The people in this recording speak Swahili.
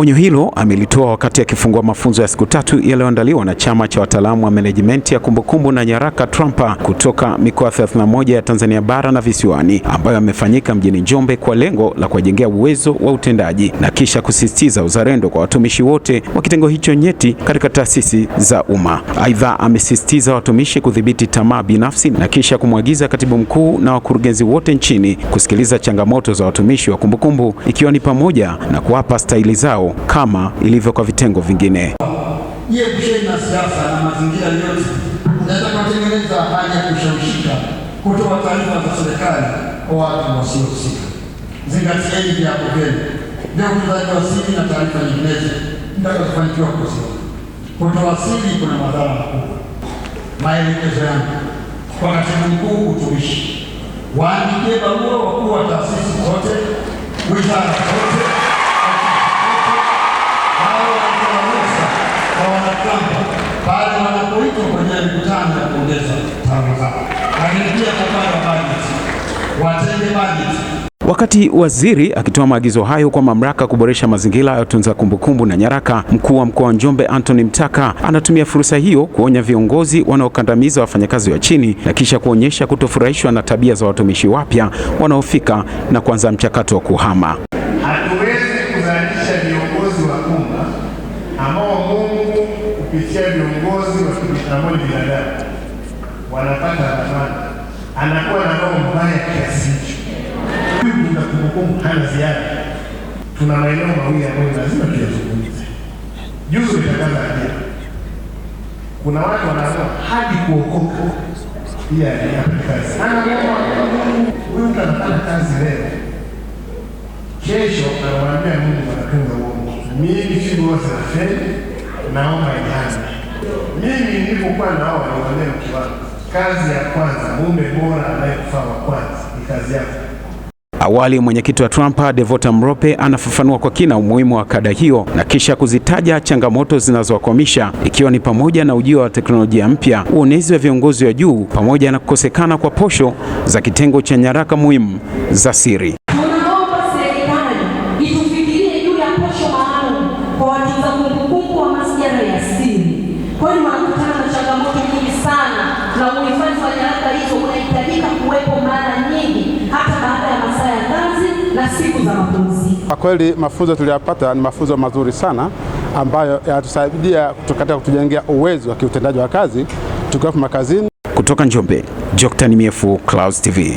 Onyo hilo amelitoa wakati akifungua mafunzo ya siku tatu yaliyoandaliwa na chama cha wataalamu wa menejimenti ya kumbukumbu na nyaraka trampa kutoka mikoa 31 ya Tanzania bara na visiwani ambayo amefanyika mjini Njombe kwa lengo la kuwajengea uwezo wa utendaji na kisha kusisitiza uzalendo kwa watumishi wote wa kitengo hicho nyeti katika taasisi za umma. Aidha, amesisitiza watumishi kudhibiti tamaa binafsi na kisha kumwagiza katibu mkuu na wakurugenzi wote nchini kusikiliza changamoto za watumishi wa kumbukumbu ikiwa ni pamoja na kuwapa staili zao kama ilivyo kwa vitengo vingine. Jiepushe na siasa na mazingira yote unaweza kutengeneza hali ya kushawishika kutoa taarifa za serikali kwa watu wasiohusika. Zingatieni viapo vyenu vya utunzaji wa siri na taarifa nyinginezo mtakazofanikiwa kuziba. Kutoa siri kuna madhara makubwa. Maelekezo yangu kwa katibu mkuu utumishi, waandikie barua wakuu wa taasisi zote, wizara zote tano ya kuongeza taaluma zao, lakini pia upande bajeti watenge bajeti. Wakati waziri akitoa maagizo hayo kwa mamlaka kuboresha mazingira ya utunza kumbukumbu na nyaraka, mkuu wa mkoa wa Njombe Anthony Mtaka anatumia fursa hiyo kuonya viongozi wanaokandamiza wafanyakazi wa chini na kisha kuonyesha kutofurahishwa na tabia za watumishi wapya wanaofika na kuanza mchakato wa kuhama. kupitia viongozi wa moja binadamu wanapata amani, anakuwa na roho mbaya kiasi hicho. Huyu kuna kumbukumbu hana ziada. Tuna maeneo mawili ambayo lazima tuyazungumze. Juzu itangaza ajira, kuna watu wanaanza hadi kuokoka pia yapata kazi, huyu mtu kazi leo, kesho anamwambia Mungu anatunza uongo, mimi sigo naomba ianze. Mimi nilipokuwa naoa nikamwambia mke wangu, kazi ya kwanza, mume bora anayekufaa wa kwanza ni kazi yako. Awali mwenyekiti wa Trumpa Devota Mrope anafafanua kwa kina umuhimu wa kada hiyo na kisha kuzitaja changamoto zinazowakwamisha ikiwa ni pamoja na ujio wa teknolojia mpya, uonezi wa viongozi wa juu, pamoja na kukosekana kwa posho za kitengo cha nyaraka muhimu za siri. siku za mapumziko. Kwa kweli mafunzo tuliyopata ni mafunzo mazuri sana ambayo yanatusaidia katika kutujengea uwezo wa kiutendaji wa kazi tukiwa makazini. Kutoka Njombe, Joctan Myefu, Clouds TV.